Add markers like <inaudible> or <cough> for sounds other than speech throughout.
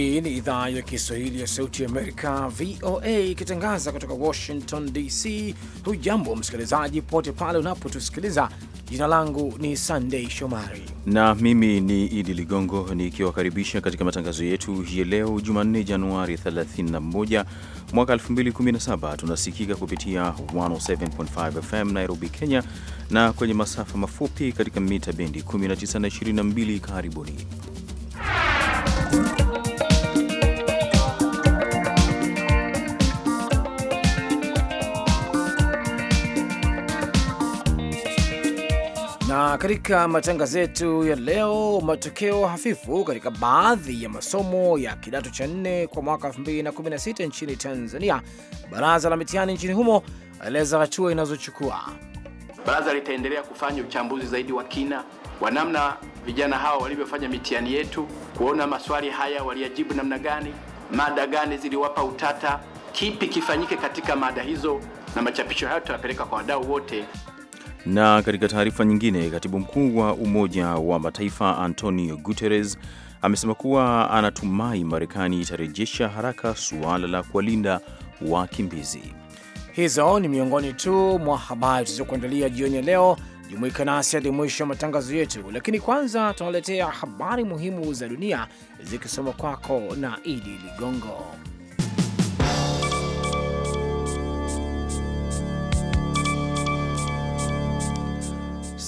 Hii ni idhaa ya Kiswahili ya Sauti Amerika, VOA, ikitangaza kutoka Washington DC. Hujambo msikilizaji, popote pale unapotusikiliza. Jina langu ni Sandei Shomari na mimi ni Idi Ligongo nikiwakaribisha katika matangazo yetu ya leo Jumanne, Januari 31 mwaka 2017. Tunasikika kupitia 107.5 FM Nairobi, Kenya, na kwenye masafa mafupi katika mita bendi 19 22 Karibuni Na katika matangazo yetu ya leo, matokeo hafifu katika baadhi ya masomo ya kidato cha nne kwa mwaka 2016 nchini Tanzania. Baraza la mitihani nchini humo aeleza hatua inazochukua. Baraza litaendelea kufanya uchambuzi zaidi wa kina wa namna vijana hawa walivyofanya mitihani yetu, kuona maswali haya waliyajibu namna gani, mada gani ziliwapa utata, kipi kifanyike katika mada hizo, na machapisho hayo tutapeleka kwa wadau wote. Na katika taarifa nyingine, katibu mkuu wa Umoja wa Mataifa Antonio Guterres amesema kuwa anatumai Marekani itarejesha haraka suala la kuwalinda wakimbizi. Hizo ni miongoni tu mwa habari tulizokuandalia jioni ya leo. Jumuika nasi hadi mwisho wa matangazo yetu, lakini kwanza tunaletea habari muhimu za dunia zikisoma kwako na Idi Ligongo.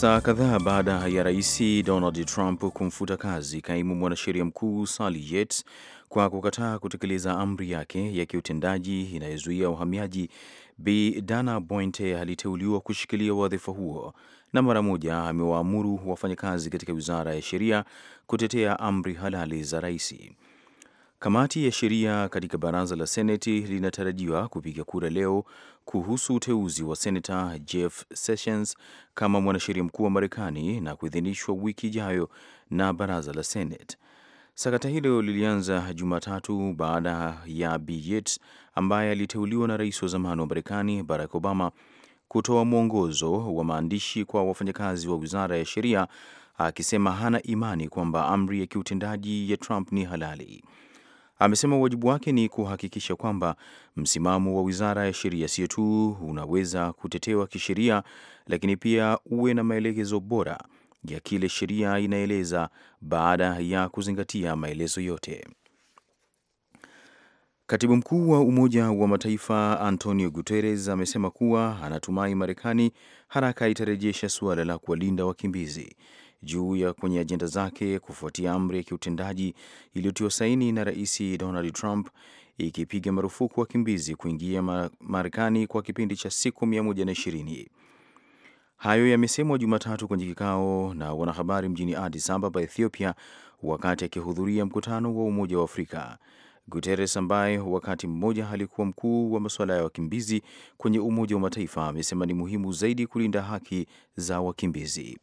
Saa kadhaa baada ya rais Donald Trump kumfuta kazi kaimu mwanasheria mkuu Sally Yates kwa kukataa kutekeleza amri yake ya kiutendaji inayozuia uhamiaji, Bi Dana bointe aliteuliwa kushikilia wadhifa huo na mara moja amewaamuru wafanyakazi katika wizara ya sheria kutetea amri halali za raisi Kamati ya sheria katika baraza la Seneti linatarajiwa kupiga kura leo kuhusu uteuzi wa senata Jeff Sessions kama mwanasheria mkuu wa Marekani na kuidhinishwa wiki ijayo na baraza la Seneti. Sakata hilo lilianza Jumatatu baada ya b Yates ambaye aliteuliwa na rais wa zamani wa Marekani Barack Obama kutoa mwongozo wa maandishi kwa wafanyakazi wa wizara ya sheria akisema hana imani kwamba amri ya kiutendaji ya Trump ni halali. Amesema wajibu wake ni kuhakikisha kwamba msimamo wa Wizara ya Sheria sio tu unaweza kutetewa kisheria, lakini pia uwe na maelekezo bora ya kile sheria inaeleza baada ya kuzingatia maelezo yote. Katibu mkuu wa Umoja wa Mataifa Antonio Guterres amesema kuwa anatumai Marekani haraka itarejesha suala la kuwalinda wakimbizi juu ya kwenye ajenda zake kufuatia amri ya kiutendaji iliyotiwa saini na Rais Donald Trump ikipiga marufuku wakimbizi kuingia Marekani kwa kipindi cha siku 120. Hayo yamesemwa Jumatatu kwenye kikao na wanahabari mjini Addis Ababa, Ethiopia, wakati akihudhuria mkutano wa Umoja wa Afrika. Guterres ambaye wakati mmoja alikuwa mkuu wa masuala ya wakimbizi kwenye Umoja wa Mataifa amesema ni muhimu zaidi kulinda haki za wakimbizi.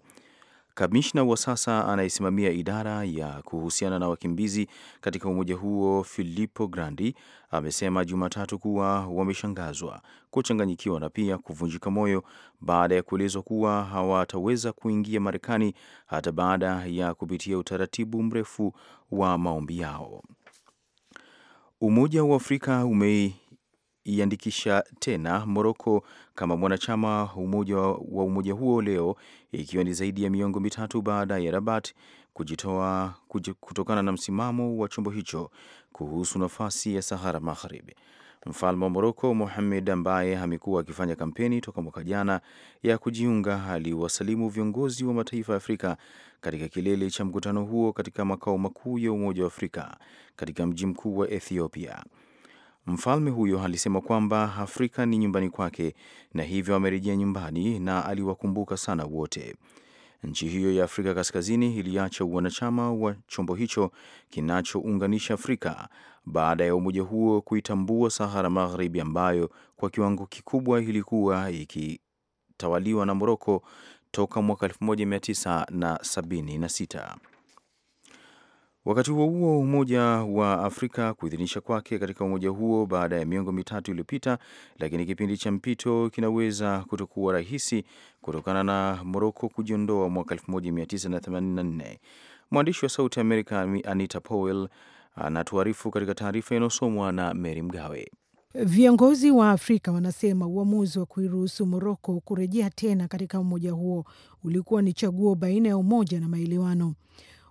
Kamishna wa sasa anayesimamia idara ya kuhusiana na wakimbizi katika umoja huo Filippo Grandi amesema Jumatatu kuwa wameshangazwa, kuchanganyikiwa na pia kuvunjika moyo baada ya kuelezwa kuwa hawataweza kuingia Marekani hata baada ya kupitia utaratibu mrefu wa maombi yao. Umoja wa Afrika ume iandikisha tena Moroko kama mwanachama umoja wa umoja huo leo ikiwa ni zaidi ya miongo mitatu baada ya Rabat kujitoa kutokana na msimamo wa chombo hicho kuhusu nafasi ya Sahara Magharibi. Mfalme wa Moroko Mohamed, ambaye amekuwa akifanya kampeni toka mwaka jana ya kujiunga, aliwasalimu viongozi wa mataifa ya Afrika katika kilele cha mkutano huo katika makao makuu ya Umoja wa Afrika katika mji mkuu wa Ethiopia. Mfalme huyo alisema kwamba Afrika ni nyumbani kwake na hivyo amerejea nyumbani na aliwakumbuka sana wote. Nchi hiyo ya Afrika Kaskazini iliacha wanachama wa chombo hicho kinachounganisha Afrika baada ya umoja huo kuitambua Sahara Magharibi ambayo kwa kiwango kikubwa ilikuwa ikitawaliwa na Moroko toka mwaka 1976. Wakati huo huo, Umoja wa Afrika kuidhinisha kwake katika umoja huo baada ya miongo mitatu iliyopita, lakini kipindi cha mpito kinaweza kutokuwa rahisi kutokana na Moroko kujiondoa mwaka 1984. Mwandishi wa Sauti Amerika Anita Powell anatuarifu katika taarifa inayosomwa na mery Mgawe. Viongozi wa Afrika wanasema uamuzi wa kuiruhusu Moroko kurejea tena katika umoja huo ulikuwa ni chaguo baina ya umoja na maelewano.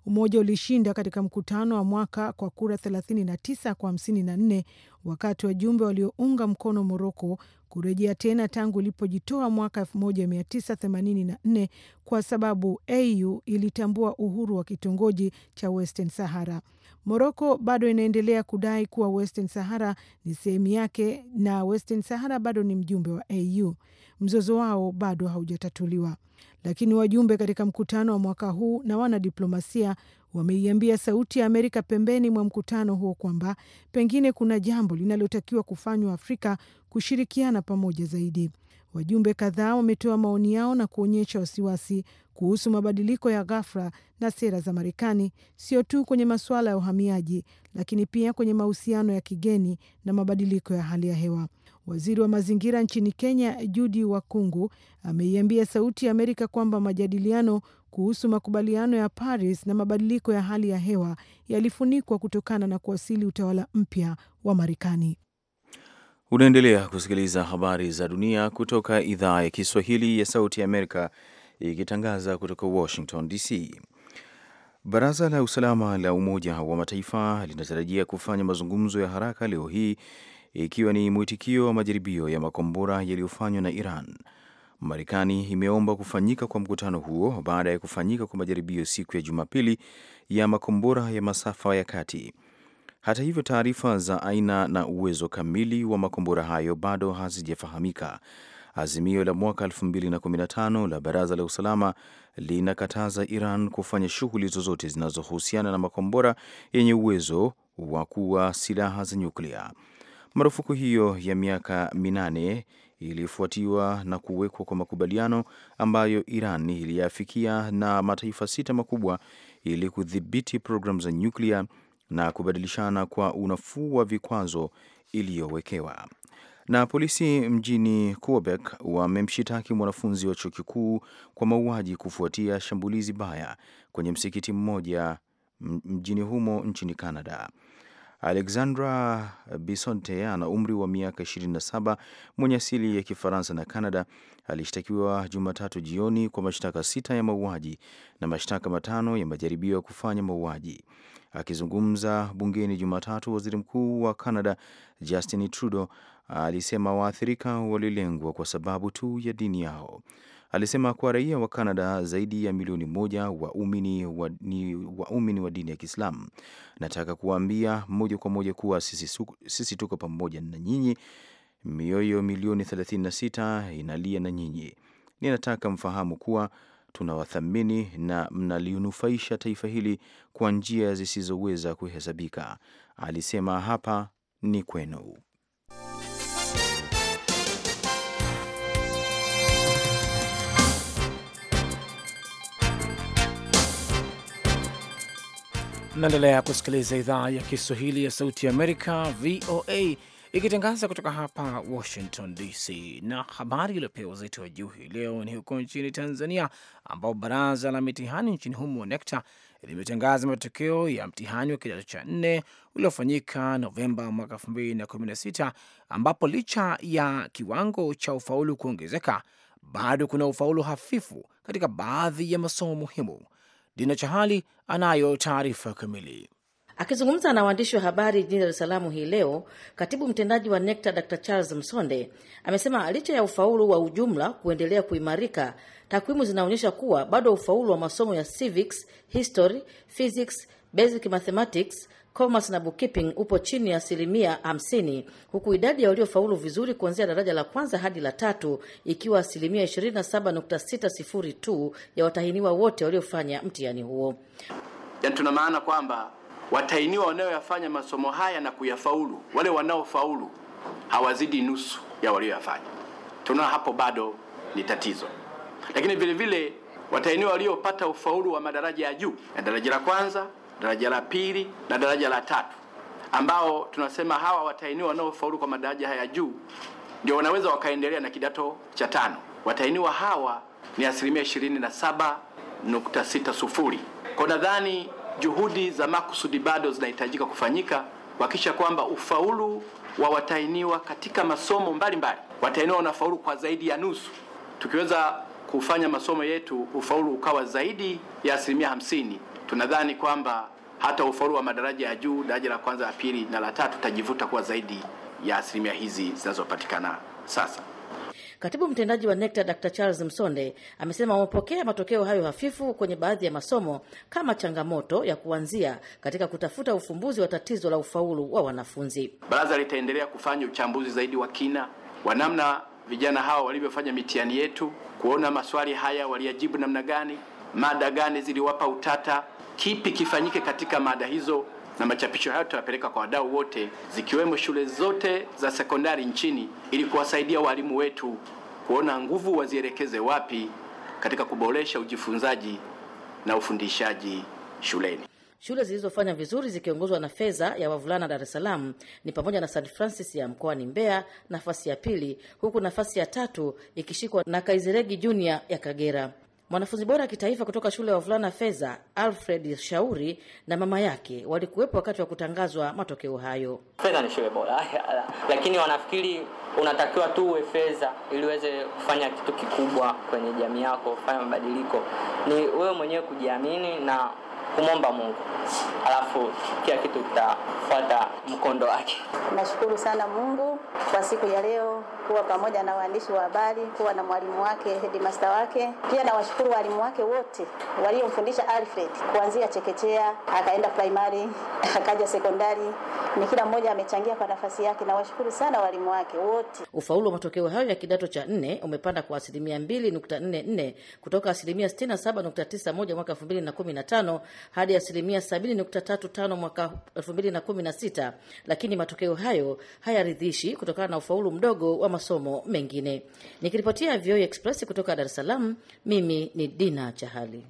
Umoja ulishinda katika mkutano wa mwaka kwa kura 39 kwa 54, wakati wajumbe waliounga mkono Moroko kurejea tena tangu ilipojitoa mwaka 1984 kwa sababu AU ilitambua uhuru wa kitongoji cha Western Sahara. Moroko bado inaendelea kudai kuwa Western Sahara ni sehemu yake na Western Sahara bado ni mjumbe wa AU. Mzozo wao bado haujatatuliwa, lakini wajumbe katika mkutano wa mwaka huu na wanadiplomasia wameiambia Sauti ya Amerika pembeni mwa mkutano huo kwamba pengine kuna jambo linalotakiwa kufanywa Afrika kushirikiana pamoja zaidi. Wajumbe kadhaa wametoa maoni yao na kuonyesha wasiwasi kuhusu mabadiliko ya ghafla na sera za Marekani, sio tu kwenye masuala ya uhamiaji, lakini pia kwenye mahusiano ya kigeni na mabadiliko ya hali ya hewa. Waziri wa mazingira nchini Kenya, Judy Wakungu, ameiambia Sauti ya Amerika kwamba majadiliano kuhusu makubaliano ya Paris na mabadiliko ya hali ya hewa yalifunikwa kutokana na kuwasili utawala mpya wa Marekani. Unaendelea kusikiliza habari za dunia kutoka idhaa ya Kiswahili ya Sauti ya Amerika ikitangaza kutoka Washington DC. Baraza la Usalama la Umoja wa Mataifa linatarajia kufanya mazungumzo ya haraka leo hii ikiwa ni mwitikio wa majaribio ya makombora yaliyofanywa na Iran Marekani imeomba kufanyika kwa mkutano huo baada ya kufanyika kwa majaribio siku ya Jumapili ya makombora ya masafa ya kati. Hata hivyo, taarifa za aina na uwezo kamili wa makombora hayo bado hazijafahamika. Azimio la mwaka 2015 la Baraza la Usalama linakataza Iran kufanya shughuli zozote zinazohusiana na makombora yenye uwezo wa kuwa silaha za nyuklia. Marufuku hiyo ya miaka minane ilifuatiwa na kuwekwa kwa makubaliano ambayo Iran iliyafikia na mataifa sita makubwa ili kudhibiti programu za nyuklia na kubadilishana kwa unafuu wa vikwazo iliyowekewa. Na polisi mjini Quebec wamemshitaki mwanafunzi wa chuo kikuu kwa mauaji kufuatia shambulizi baya kwenye msikiti mmoja mjini humo nchini Canada. Alexandra Bisonte ana umri wa miaka 27, mwenye asili ya Kifaransa na canada alishtakiwa Jumatatu jioni kwa mashtaka sita ya mauaji na mashtaka matano ya majaribio ya kufanya mauaji. Akizungumza bungeni Jumatatu, waziri mkuu wa canada Justin Trudeau alisema waathirika walilengwa kwa sababu tu ya dini yao alisema kuwa raia wa canada zaidi ya milioni moja waumini wa, wa, wa dini ya Kiislamu. Nataka kuwaambia moja kwa moja kuwa sisi, sisi tuko pamoja na nyinyi, mioyo milioni 36 inalia na nyinyi. Ninataka mfahamu kuwa tunawathamini na mnalinufaisha taifa hili kwa njia zisizoweza kuhesabika, alisema. Hapa ni kwenu. Mnaendelea kusikiliza idhaa ya Kiswahili ya Sauti ya Amerika, VOA, ikitangaza kutoka hapa Washington DC. Na habari iliyopewa uzito wa juu hii leo ni huko nchini Tanzania, ambapo baraza la mitihani nchini humo NECTA limetangaza matokeo ya mtihani wa kidato cha nne uliofanyika Novemba mwaka 2016 ambapo licha ya kiwango cha ufaulu kuongezeka bado kuna ufaulu hafifu katika baadhi ya masomo muhimu. Dina Chahali anayo taarifa kamili. Akizungumza na waandishi wa habari jijini Dar es Salaam hii leo, katibu mtendaji wa NECTA Dr Charles Msonde amesema licha ya ufaulu wa ujumla kuendelea kuimarika, takwimu zinaonyesha kuwa bado ufaulu wa masomo ya civics, history, physics, basic mathematics commerce na bookkeeping upo chini ya asilimia 50, huku idadi ya waliofaulu vizuri kuanzia daraja la kwanza hadi la tatu ikiwa asilimia 27.60 tu ya watahiniwa wote waliofanya mtihani huo. Yani tuna maana kwamba watahiniwa wanaoyafanya masomo haya na kuyafaulu, wale wanaofaulu hawazidi nusu ya walioyafanya. Tunaona hapo bado ni tatizo, lakini vile vile watahiniwa waliopata ufaulu wa madaraja ya juu ya daraja la kwanza daraja la pili na daraja la tatu, ambao tunasema hawa watahiniwa wanaofaulu kwa madaraja haya juu ndio wanaweza wakaendelea na kidato cha tano. Watahiniwa hawa ni asilimia sufuri. Kwa nadhani juhudi za makusudi bado zinahitajika kufanyika kuhakikisha kwamba ufaulu wa watahiniwa katika masomo mbalimbali, watahiniwa wanafaulu kwa zaidi ya nusu. Tukiweza kufanya masomo yetu ufaulu ukawa zaidi ya asilimia hamsini, tunadhani kwamba hata ufaulu wa madaraja ya juu, daraja la kwanza, la pili na la tatu tajivuta kuwa zaidi ya asilimia hizi zinazopatikana sasa. Katibu mtendaji wa NECTA Dr Charles Msonde amesema wamepokea matokeo hayo hafifu kwenye baadhi ya masomo kama changamoto ya kuanzia katika kutafuta ufumbuzi wa tatizo la ufaulu wa wanafunzi. Baraza litaendelea kufanya uchambuzi zaidi wa kina wa namna vijana hawa walivyofanya mitihani yetu, kuona maswali haya waliyajibu namna gani, mada gani ziliwapa utata kipi kifanyike katika mada hizo, na machapisho hayo tutayapeleka kwa wadau wote, zikiwemo shule zote za sekondari nchini, ili kuwasaidia walimu wetu kuona nguvu wazielekeze wapi katika kuboresha ujifunzaji na ufundishaji shuleni. Shule zilizofanya vizuri zikiongozwa na fedha ya wavulana Dar es Salaam ni pamoja na St Francis ya mkoani Mbeya, nafasi ya pili, huku nafasi ya tatu ikishikwa na Kaizeregi Junior ya Kagera. Mwanafunzi bora wa kitaifa kutoka shule ya wavulana Fedha, Alfred Shauri na mama yake walikuwepo wakati wa kutangazwa matokeo hayo. Fedha ni shule bora <laughs> lakini wanafikiri unatakiwa tu uwe fedha ili uweze kufanya kitu kikubwa kwenye jamii yako, kufanya mabadiliko. Ni wewe mwenyewe kujiamini na kumwomba Mungu, alafu kila kitu kitafuata mkondo wake. Nashukuru sana Mungu kwa siku ya leo kuwa pamoja na waandishi wa habari, kuwa na mwalimu wake headmaster wake. Pia nawashukuru walimu wake wote waliomfundisha Alfred kuanzia chekechea akaenda primary <laughs> akaja sekondari, ni kila mmoja amechangia kwa nafasi yake. Nawashukuru sana walimu wake wote. Ufaulu wa matokeo hayo ya kidato cha nne umepanda kwa asilimia 2.44 kutoka asilimia 67.91 mwaka 2015 hadi asilimia 7.35 mwaka 2016, lakini matokeo hayo hayaridhishi kutokana na ufaulu mdogo wa masomo mengine. Nikiripotia VOA e Express kutoka Dar es Salaam, mimi ni Dina Chahali.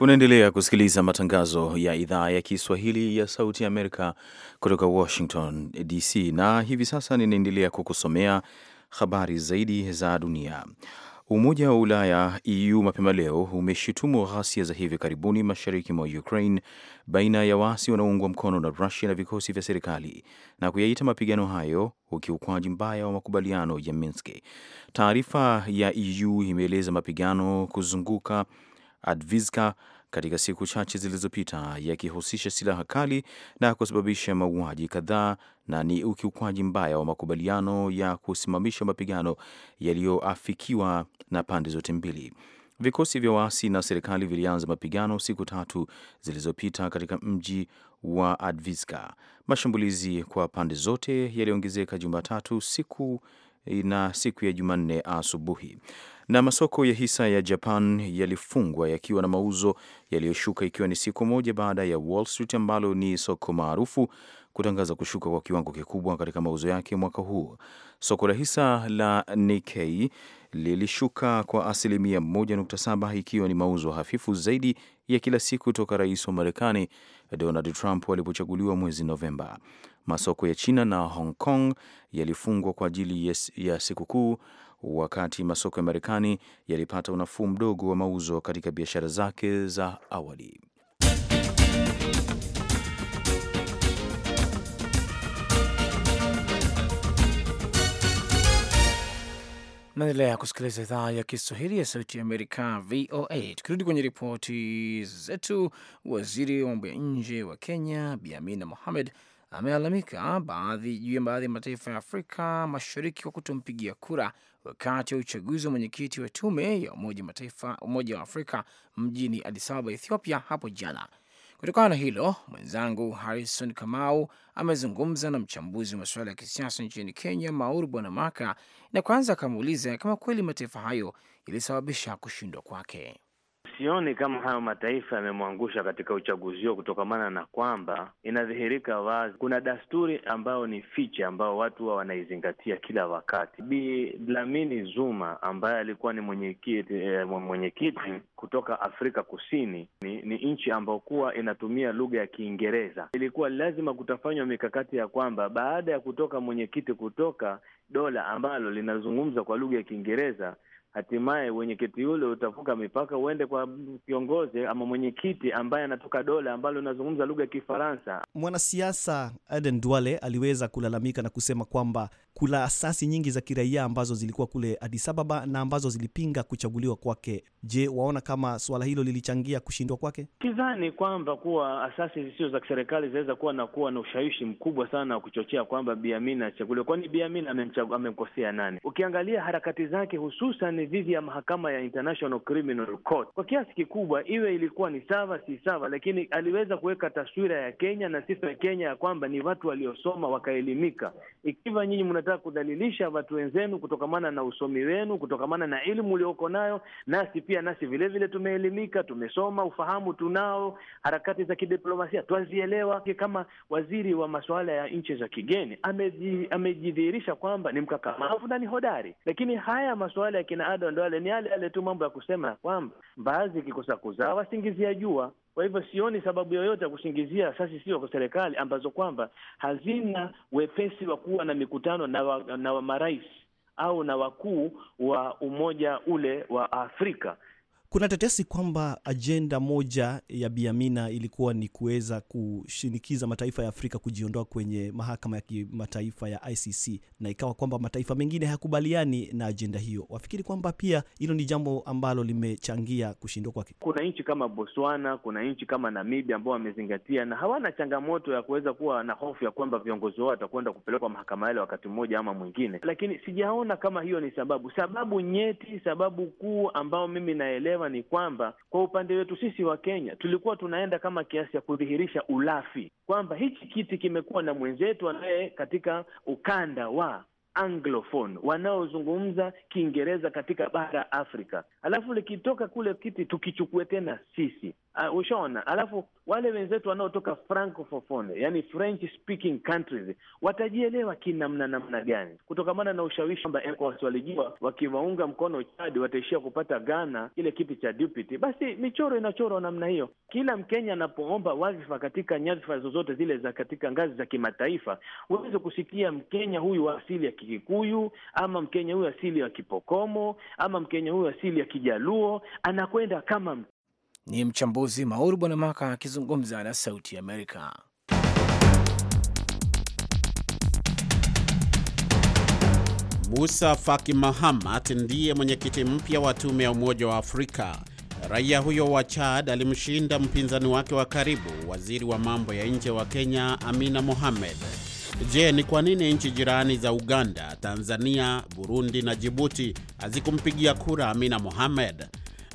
Unaendelea kusikiliza matangazo ya idhaa ya Kiswahili ya Sauti ya Amerika kutoka Washington DC, na hivi sasa ninaendelea kukusomea habari zaidi za dunia. Umoja wa Ulaya EU mapema leo umeshutumu ghasia za hivi karibuni mashariki mwa Ukraine baina ya waasi wanaoungwa mkono na Rusia na vikosi vya serikali na kuyaita mapigano hayo ukiukwaji mbaya wa makubaliano ya Minsk. Taarifa ya EU imeeleza mapigano kuzunguka Adviska katika siku chache zilizopita yakihusisha silaha kali na kusababisha mauaji kadhaa na ni ukiukwaji mbaya wa makubaliano ya kusimamisha mapigano yaliyoafikiwa na pande zote mbili. Vikosi vya waasi na serikali vilianza mapigano siku tatu zilizopita katika mji wa Adviska. Mashambulizi kwa pande zote yaliongezeka Jumatatu siku na siku ya Jumanne asubuhi. Na masoko ya hisa ya Japan yalifungwa yakiwa na mauzo yaliyoshuka ikiwa ni siku moja baada ya Wall Street ambalo ni soko maarufu kutangaza kushuka kwa kiwango kikubwa katika mauzo yake mwaka huu. Soko la hisa la Nikkei lilishuka kwa asilimia 1.7 ikiwa ni mauzo hafifu zaidi ya kila siku toka rais wa Marekani Donald Trump alipochaguliwa mwezi Novemba. Masoko ya China na Hong Kong yalifungwa kwa ajili ya sikukuu, wakati masoko ya Marekani yalipata unafuu mdogo wa mauzo katika biashara zake za awali. Naendelea kusikiliza idhaa ya Kiswahili ya Sauti ya Amerika, VOA. Tukirudi kwenye ripoti zetu, waziri wa mambo ya nje wa Kenya Bi Amina Mohamed amealamika baadhi juu ya baadhi ya mataifa ya Afrika Mashariki kwa kutompigia kura wakati wa uchaguzi wa mwenyekiti wa tume ya Umoja Mataifa, Umoja wa Afrika mjini adisababa Ababa, Ethiopia hapo jana. Kutokana na hilo, mwenzangu Harrison Kamau amezungumza na mchambuzi wa masuala ya kisiasa nchini Kenya, Maur Bwanamaka, na kwanza akamuuliza kama kweli mataifa hayo ilisababisha kushindwa kwake sioni kama hayo mataifa yamemwangusha katika uchaguzi huo, kutokamana na kwamba inadhihirika wazi kuna dasturi ambayo ni fiche, ambayo watu huwa wanaizingatia kila wakati. Bi Dlamini Zuma ambaye alikuwa ni mwenyekiti eh, mwenyekiti kutoka Afrika Kusini, ni, ni nchi ambayo kuwa inatumia lugha ya Kiingereza. Ilikuwa lazima kutafanywa mikakati ya kwamba baada ya kutoka mwenyekiti kutoka dola ambalo linazungumza kwa lugha ya Kiingereza hatimaye wenyekiti ule utavuka mipaka uende kwa kiongozi ama mwenyekiti ambaye anatoka dola ambalo linazungumza lugha ya Kifaransa. Mwanasiasa Aden Duale aliweza kulalamika na kusema kwamba kula asasi nyingi za kiraia ambazo zilikuwa kule adisababa na ambazo zilipinga kuchaguliwa kwake. Je, waona kama suala hilo lilichangia kushindwa kwake? Sidhani kwamba kuwa asasi zisizo za kiserikali zinaweza kuwa na kuwa na ushawishi mkubwa sana wa kuchochea kwamba biamin achaguliwa kwani biamin amemkosea nani? Ukiangalia harakati zake hususan dhidi ya mahakama ya International Criminal Court, kwa kiasi kikubwa iwe ilikuwa ni sawa si sawa, lakini aliweza kuweka taswira ya Kenya na sifa ya Kenya ya kwamba ni watu waliosoma wakaelimika. Ikiwa nyinyi mna mtataka kudhalilisha watu wenzenu kutokamana na usomi wenu, kutokamana na elimu ulioko nayo. Nasi pia nasi vilevile tumeelimika, tumesoma, ufahamu tunao, harakati za kidiplomasia twazielewa. Kama waziri wa masuala ya nchi za kigeni amejidhihirisha ameji kwamba ni mkakamavu na ni hodari, lakini haya masuala ya kina ni yale yale tu mambo ya kusema ya kwamba mbaazi ikikosa kuzaa wasingizia jua. Kwa hivyo sioni sababu yoyote ya kushingizia asasi sio kwa serikali ambazo kwamba hazina wepesi wa kuwa na mikutano na, wa, na wa marais au na wakuu wa umoja ule wa Afrika. Kuna tetesi kwamba ajenda moja ya biamina ilikuwa ni kuweza kushinikiza mataifa ya Afrika kujiondoa kwenye mahakama ya kimataifa ya ICC, na ikawa kwamba mataifa mengine hayakubaliani na ajenda hiyo. Wafikiri kwamba pia hilo ni jambo ambalo limechangia kushindwa kwake. Kuna nchi kama Botswana, kuna nchi kama Namibia ambao wamezingatia na hawana changamoto ya kuweza kuwa na hofu ya kwamba viongozi wao watakwenda kupelekwa mahakama yale wakati mmoja ama mwingine, lakini sijaona kama hiyo ni sababu. Sababu nyeti, sababu kuu ambayo mimi naelewa kusema ni kwamba kwa upande wetu sisi wa Kenya tulikuwa tunaenda kama kiasi cha kudhihirisha ulafi kwamba hichi kiti kimekuwa na mwenzetu anaye katika ukanda wa anglophone wanaozungumza Kiingereza katika bara Afrika, alafu likitoka kule kiti tukichukue tena sisi uh, ushaona. Alafu wale wenzetu wanaotoka francophone, yani French speaking countries watajielewa kinamna namna gani, kutokamana na ushawishi kwamba ECOWAS eh, walijua wakiwaunga mkono Chad wataishia kupata Ghana kile kiti cha deputy. Basi michoro inachorwa namna hiyo. Kila Mkenya anapoomba wadhifa katika nyadhifa zozote zile za katika ngazi za kimataifa, huweze kusikia Mkenya huyu wa asili ya Kikikuyu ama Mkenya huyu asili ya Kipokomo ama Mkenya huyu asili ya Kijaluo anakwenda kama ni mchambuzi mauru Bwanamaka akizungumza na Sauti Amerika. Musa Faki Mahamat ndiye mwenyekiti mpya wa tume ya Umoja wa Afrika. Raia huyo wa Chad alimshinda mpinzani wake wa karibu, waziri wa mambo ya nje wa Kenya Amina Mohamed. Je, ni kwa nini nchi jirani za Uganda, Tanzania, Burundi na Jibuti hazikumpigia kura Amina Mohamed?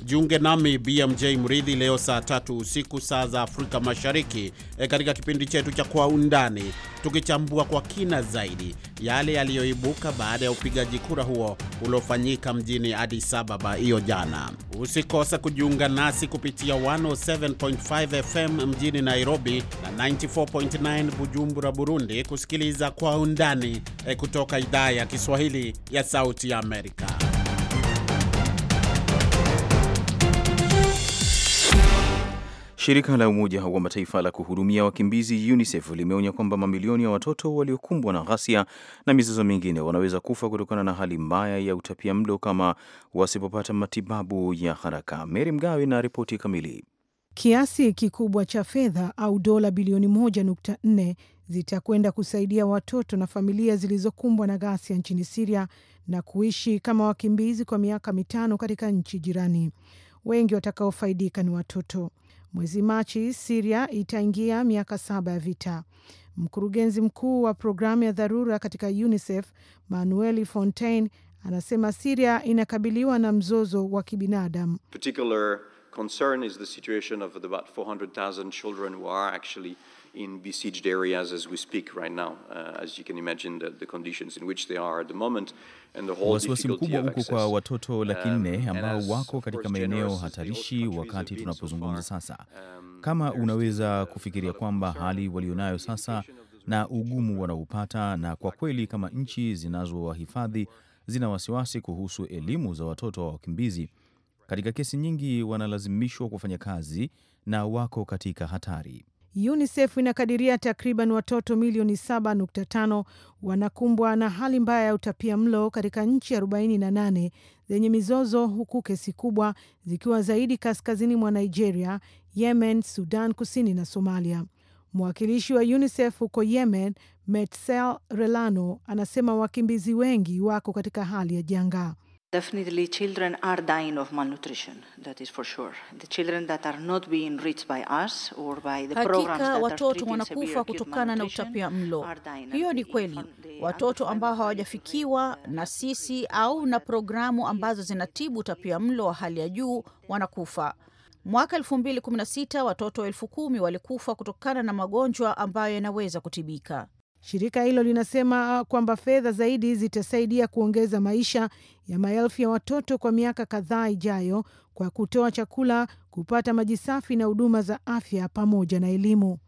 Jiunge nami BMJ Mridhi leo saa tatu usiku saa za Afrika Mashariki e, katika kipindi chetu cha Kwa Undani, tukichambua kwa kina zaidi yale yaliyoibuka baada ya upigaji kura huo uliofanyika mjini Addis Ababa hiyo jana. Usikose kujiunga nasi kupitia 107.5 FM mjini Nairobi na 94.9 Bujumbura, Burundi, kusikiliza Kwa Undani e, kutoka idhaa ya Kiswahili ya Sauti ya Amerika. Shirika la Umoja wa Mataifa la kuhudumia wakimbizi UNICEF limeonya kwamba mamilioni ya watoto waliokumbwa na ghasia na mizozo mingine wanaweza kufa kutokana na hali mbaya ya utapia mlo kama wasipopata matibabu ya haraka. Meri Mgawe na ripoti kamili. Kiasi kikubwa cha fedha au dola bilioni 1.4 zitakwenda kusaidia watoto na familia zilizokumbwa na ghasia nchini Siria na kuishi kama wakimbizi kwa miaka mitano katika nchi jirani. Wengi watakaofaidika ni watoto. Mwezi Machi, Siria itaingia miaka saba ya vita. Mkurugenzi mkuu wa programu ya dharura katika UNICEF Manueli Fontaine anasema Siria inakabiliwa na mzozo wa kibinadamu. Particular concern is the situation of about 400,000 children who are actually in besieged areas as we speak right now, uh, as you can imagine the, the conditions in which they are at the moment and the whole wasiwasi mkubwa huko kwa watoto laki um, nne ambao wako katika maeneo hatarishi wakati tunapozungumza sasa. Um, kama unaweza kufikiria kwamba hali walionayo sasa na ugumu wanaopata, na kwa kweli kama nchi zinazowahifadhi zina wasiwasi kuhusu elimu za watoto wa wakimbizi. Katika kesi nyingi wanalazimishwa kufanya kazi na wako katika hatari. UNICEF inakadiria takriban watoto milioni 7.5 wanakumbwa na hali mbaya ya utapia mlo katika nchi 48 zenye mizozo, huku kesi kubwa zikiwa zaidi kaskazini mwa Nigeria, Yemen, Sudan Kusini na Somalia. Mwakilishi wa UNICEF huko Yemen, Metsel Relano, anasema wakimbizi wengi wako katika hali ya janga. Definitely, children are dying of malnutrition, that is for sure. The children that are not being reached by us or by the programs that watoto wanakufa kutokana na utapia mlo. Hiyo ni kweli, watoto ambao hawajafikiwa na sisi au na programu ambazo zinatibu utapia mlo wa hali ya juu wanakufa. Mwaka 2016 watoto elfu kumi walikufa kutokana na magonjwa ambayo yanaweza kutibika. Shirika hilo linasema kwamba fedha zaidi zitasaidia kuongeza maisha ya maelfu ya watoto kwa miaka kadhaa ijayo kwa kutoa chakula, kupata maji safi na huduma za afya pamoja na elimu.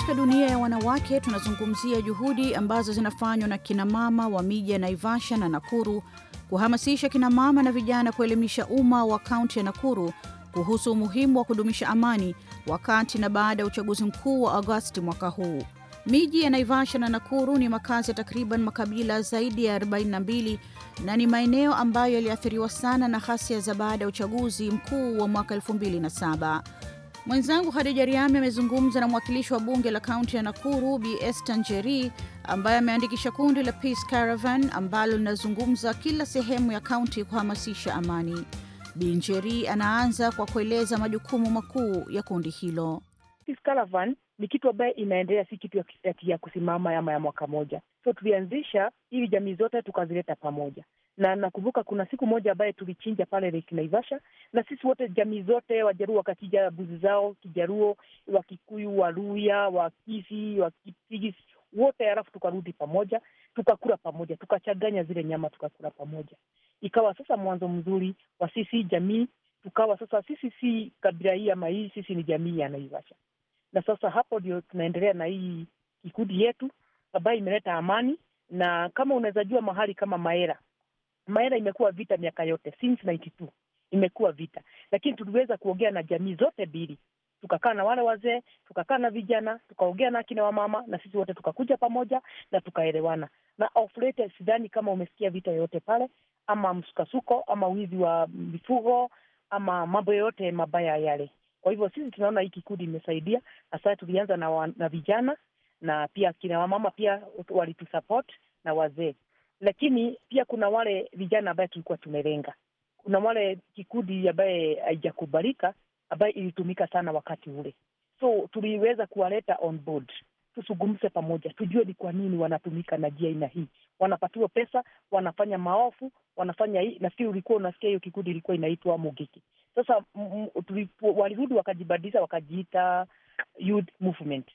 Katika dunia ya wanawake, tunazungumzia juhudi ambazo zinafanywa na kinamama wa miji ya Naivasha na Nakuru kuhamasisha kinamama na vijana kuelimisha umma wa kaunti ya Nakuru kuhusu umuhimu wa kudumisha amani wakati na baada ya uchaguzi mkuu wa Agosti mwaka huu. Miji ya Naivasha na Nakuru ni makazi ya takriban makabila zaidi ya 42 na ni maeneo ambayo yaliathiriwa sana na ghasia za baada ya uchaguzi mkuu wa mwaka 27 Mwenzangu Hadija Riami amezungumza na mwakilishi wa bunge la kaunti ya Nakuru Bi Esther Njeri ambaye ameandikisha kundi la Peace Caravan ambalo linazungumza kila sehemu ya kaunti kuhamasisha amani. Bi Njeri anaanza kwa kueleza majukumu makuu ya kundi hilo. Peace Caravan ni kitu ambaye inaendelea, si kitu ya kusimama ama ya mwaka moja. So tulianzisha ili jamii zote tukazileta pamoja, na nakumbuka kuna siku moja ambaye tulichinja pale Lake Naivasha, na sisi wote jamii zote Wajaruo wakachinja mbuzi zao, Kijaruo, Wakikuyu, Waluya, Wakisi, Wakipsigis wote, halafu tukarudi pamoja, tukakula pamoja, tukachanganya zile nyama, tukakula pamoja. Ikawa sasa mwanzo mzuri wa sisi jamii, tukawa sasa sisi si kabila hii ama hii, sisi ni jamii ya Naivasha. Na sasa hapo ndio tunaendelea na hii kikundi yetu ambayo imeleta amani, na kama unaweza jua mahali kama Maera maana imekuwa vita miaka yote since 92 imekuwa vita, lakini tuliweza kuongea na jamii zote mbili, tukakaa na wale wazee, tukakaa na vijana, tukaongea na akina wamama, na sisi wote tukakuja pamoja na tukaelewana. Na oflete sidhani kama umesikia vita yoyote pale, ama msukasuko, ama wizi wa mifugo, ama mambo yoyote mabaya yale. Kwa hivyo sisi tunaona hii kikundi imesaidia hasa. Tulianza na, wa, na vijana na pia akina wamama pia walitusupport na wazee lakini pia kuna wale vijana ambaye tulikuwa tumelenga. Kuna wale kikundi ambaye haijakubalika ambaye ilitumika sana wakati ule, so tuliweza kuwaleta on board, tuzungumze pamoja, tujue ni kwa nini wanatumika na jia aina hii, wanapatiwa pesa, wanafanya maofu, wanafanya hii. Nafikiri ulikuwa unasikia hiyo kikundi ilikuwa inaitwa Mugiki. Sasa mm, mm, walirudi wakajibadilisha, wakajiita youth movement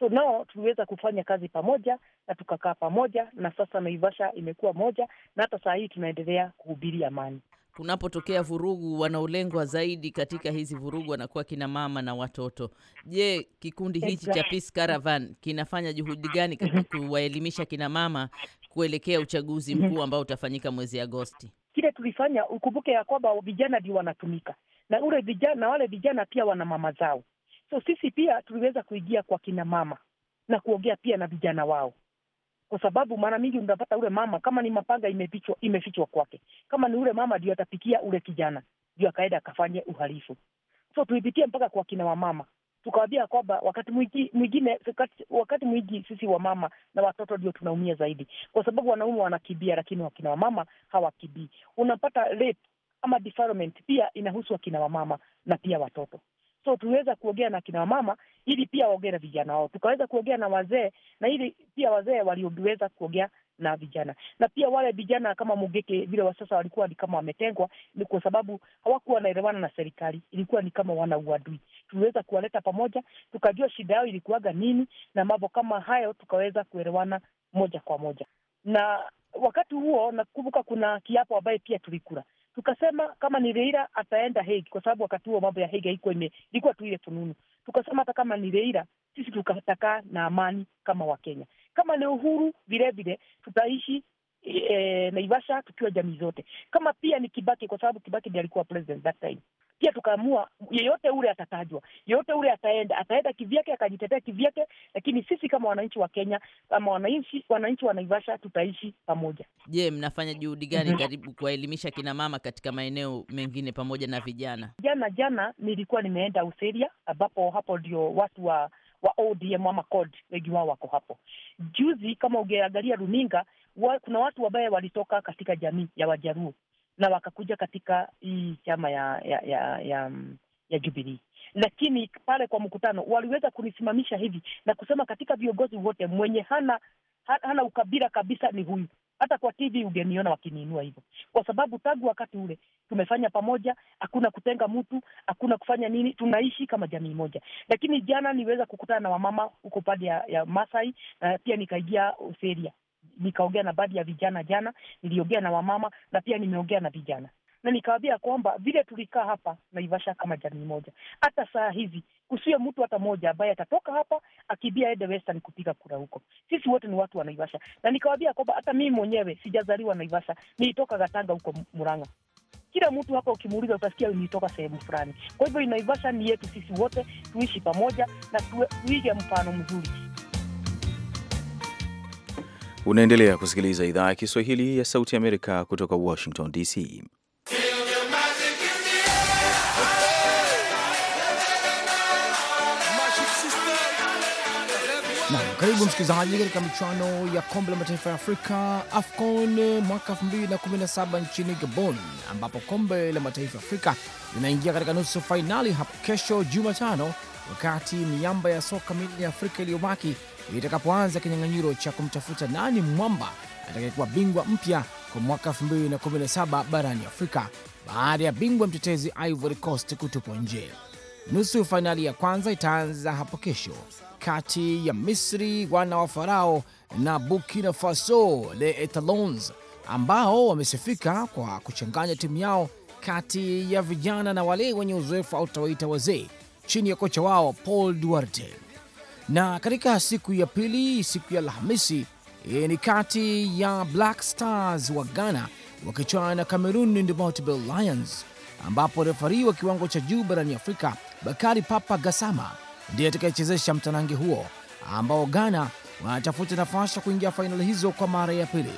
So nao tuliweza kufanya kazi pamoja na tukakaa pamoja, na sasa Naivasha imekuwa moja, na hata saa hii tunaendelea kuhubiri amani. Kunapotokea vurugu, wanaolengwa zaidi katika hizi vurugu wanakuwa kina mama na watoto. Je, kikundi hichi cha Peace Caravan kinafanya juhudi gani mm-hmm. kuwaelimisha kina mama kuelekea uchaguzi mm-hmm. mkuu ambao utafanyika mwezi Agosti? Kile tulifanya, ukumbuke ya kwamba vijana ndio wanatumika na ule vijana, wale vijana pia wana mama zao So sisi pia tuliweza kuingia kwa kina mama na kuongea pia na vijana wao, kwa sababu mara mingi unapata ule mama kama ni mapanga imefichwa, imefichwa kwake, kama ni ule mama ndio atapikia ule kijana ndio akaenda akafanye uhalifu. So tulipitia mpaka kwa kina wamama, tukawaambia kwamba wakati mwingine, wakati mwingi sisi wamama na watoto ndio tunaumia zaidi, kwa sababu wanaume wanakibia lakini wakina wamama hawakibii. Unapata rape ama pia inahusu wakina wamama na pia watoto. So tuliweza kuongea na kina mama ili pia waongee na vijana wao, tukaweza kuongea na wazee na ili pia wazee walioweza kuongea na vijana na pia wale vijana kama Mugeke vile wa sasa walikuwa ni kama wametengwa, ni kwa sababu hawakuwa wanaelewana na serikali, ilikuwa ni kama wana uadui. Tuliweza kuwaleta pamoja, tukajua shida yao ilikuwaga nini na mambo kama hayo, tukaweza kuelewana moja kwa moja. Na wakati huo nakumbuka kuna kiapo ambaye pia tulikula Tukasema kama ni Raila ataenda Hague, kwa sababu wakati huo mambo ya Hague haikuwa ime, ilikuwa tu ile fununu. Tukasema hata kama ni Raila, sisi tukataka na amani kama wa kenya Kama ni Uhuru, vilevile tutaishi e, Naivasha tukiwa jamii zote, kama pia ni Kibaki, kwa sababu Kibaki ndiye alikuwa president that time pia tukaamua yeyote ule atatajwa, yeyote ule ataenda, ataenda kivyake, akajitetea kivyake, lakini sisi kama wananchi wa Kenya, kama wananchi wananchi wa Naivasha tutaishi pamoja. Je, mnafanya juhudi gani mhm. karibu kuwaelimisha kina mama katika maeneo mengine pamoja na vijana? Jana jana nilikuwa nimeenda Useria, ambapo hapo ndio watu wa wa ODM ama CORD wengi wao wako hapo. Juzi kama ungeangalia runinga wa, kuna watu ambaye walitoka katika jamii ya Wajaruo na wakakuja katika hii chama ya ya ya, ya, ya Jubilii, lakini pale kwa mkutano waliweza kunisimamisha hivi na kusema katika viongozi wote mwenye hana hana ukabila kabisa ni huyu. Hata kwa TV ungeniona wakiniinua hivyo, kwa sababu tangu wakati ule tumefanya pamoja, hakuna kutenga mtu, hakuna kufanya nini, tunaishi kama jamii moja. Lakini jana niweza kukutana na wamama huko pande ya, ya Masai na pia nikaingia Oseria nikaongea na baadhi ya vijana jana, niliongea na wamama na pia nimeongea na vijana na nikawambia kwamba vile tulikaa hapa Naivasha kama jamii moja, hata saa hizi kusiwe mtu hata mmoja ambaye atatoka hapa akibia ende Western kupiga kura huko. Sisi wote ni watu wa Naivasha, na nikawambia kwamba hata mimi mwenyewe sijazaliwa Naivasha, nilitoka Gatanga huko Murang'a. Kila mtu hapa ukimuuliza utasikia nilitoka sehemu fulani. Kwa hivyo Naivasha ni yetu sisi wote, tuishi pamoja na tuige mfano mzuri. Unaendelea kusikiliza idhaa ya Kiswahili ya Sauti ya Amerika kutoka Washington DC. karibu msikilizaji katika michuano ya kombe la mataifa ya Afrika AFCON mwaka 2017 nchini Gabon, ambapo kombe la mataifa ya Afrika linaingia katika nusu fainali hapo kesho Jumatano, wakati miamba ya soka minne ya Afrika iliyobaki itakapoanza kinyang'anyiro cha kumtafuta nani mwamba atakayekuwa bingwa mpya kwa mwaka 2017 barani Afrika baada ya bingwa mtetezi Ivory Coast kutupwa nje. Nusu fainali ya kwanza itaanza hapo kesho kati ya Misri wana wa Farao na Burkina Faso le Etalons, ambao wamesifika kwa kuchanganya timu yao kati ya vijana na wale wenye uzoefu au tawaita wazee chini ya kocha wao Paul Duarte. Na katika siku ya pili, siku ya Alhamisi, ni kati ya Black Stars wa Ghana wakichwana na Cameroon Indomitable Lions, ambapo refari wa kiwango cha juu barani Afrika Bakari Papa Gasama ndiye atakayechezesha mtanange huo ambao Ghana wanatafuta nafasi ya kuingia fainali hizo kwa mara ya pili,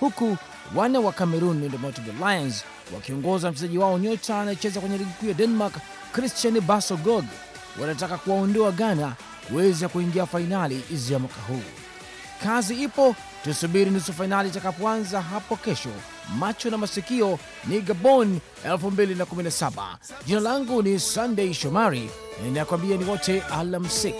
huku wana wa Cameroon Indomitable Lions wakiongoza mchezaji wao nyota anayecheza kwenye ligi kuu ya Denmark Christian basogog wanataka kuwaondoa Ghana kuweza kuingia fainali za mwaka huu. Kazi ipo, tusubiri nusu fainali itakapoanza hapo kesho. Macho na masikio ni Gabon 2017. Jina langu ni Sunday Shomari, ninakwambia ni wote alamsik.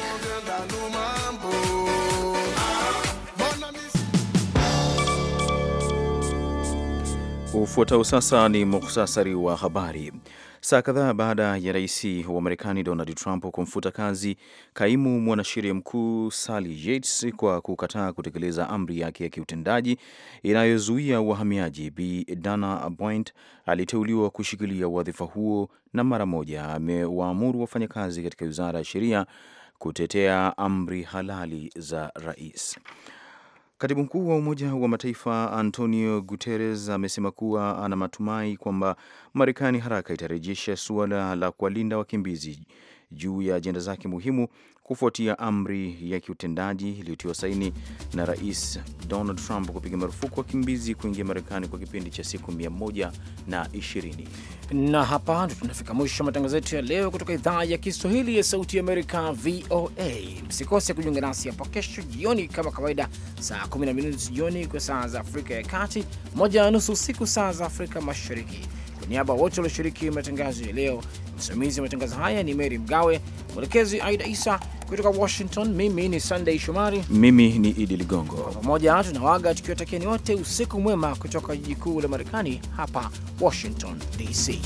Ufuatao sasa ni muhtasari wa habari saa kadhaa baada ya rais wa Marekani Donald Trump kumfuta kazi kaimu mwanasheria mkuu Sally Yates kwa kukataa kutekeleza amri yake ya kiutendaji inayozuia wahamiaji, b Dana Point aliteuliwa kushikilia wadhifa huo na mara moja amewaamuru wafanyakazi katika wizara ya sheria kutetea amri halali za rais. Katibu mkuu wa Umoja wa Mataifa Antonio Guterres amesema kuwa ana matumai kwamba Marekani haraka itarejesha suala la kuwalinda wakimbizi juu ya ajenda zake muhimu kufuatia amri ya kiutendaji iliyotiwa saini na Rais Donald Trump kupiga marufuku wakimbizi kuingia Marekani kwa kipindi cha siku 120. Na hapa tunafika mwisho wa matangazo yetu ya leo kutoka idhaa ya Kiswahili ya Sauti ya Amerika, VOA. Msikose kujiunga nasi hapo kesho jioni kama kawaida, saa 12 jioni kwa saa za Afrika ya Kati, moja na nusu usiku saa za Afrika Mashariki. Kwa niaba wote walioshiriki matangazo ya leo, msimamizi wa matangazo haya ni Mary Mgawe, mwelekezi Aida Isa. Kutoka Washington, mimi ni Sunday Shomari, mimi ni Idi Ligongo. Pamoja tunawaga tukiwatakieni wote usiku mwema kutoka jiji kuu la Marekani, hapa Washington DC.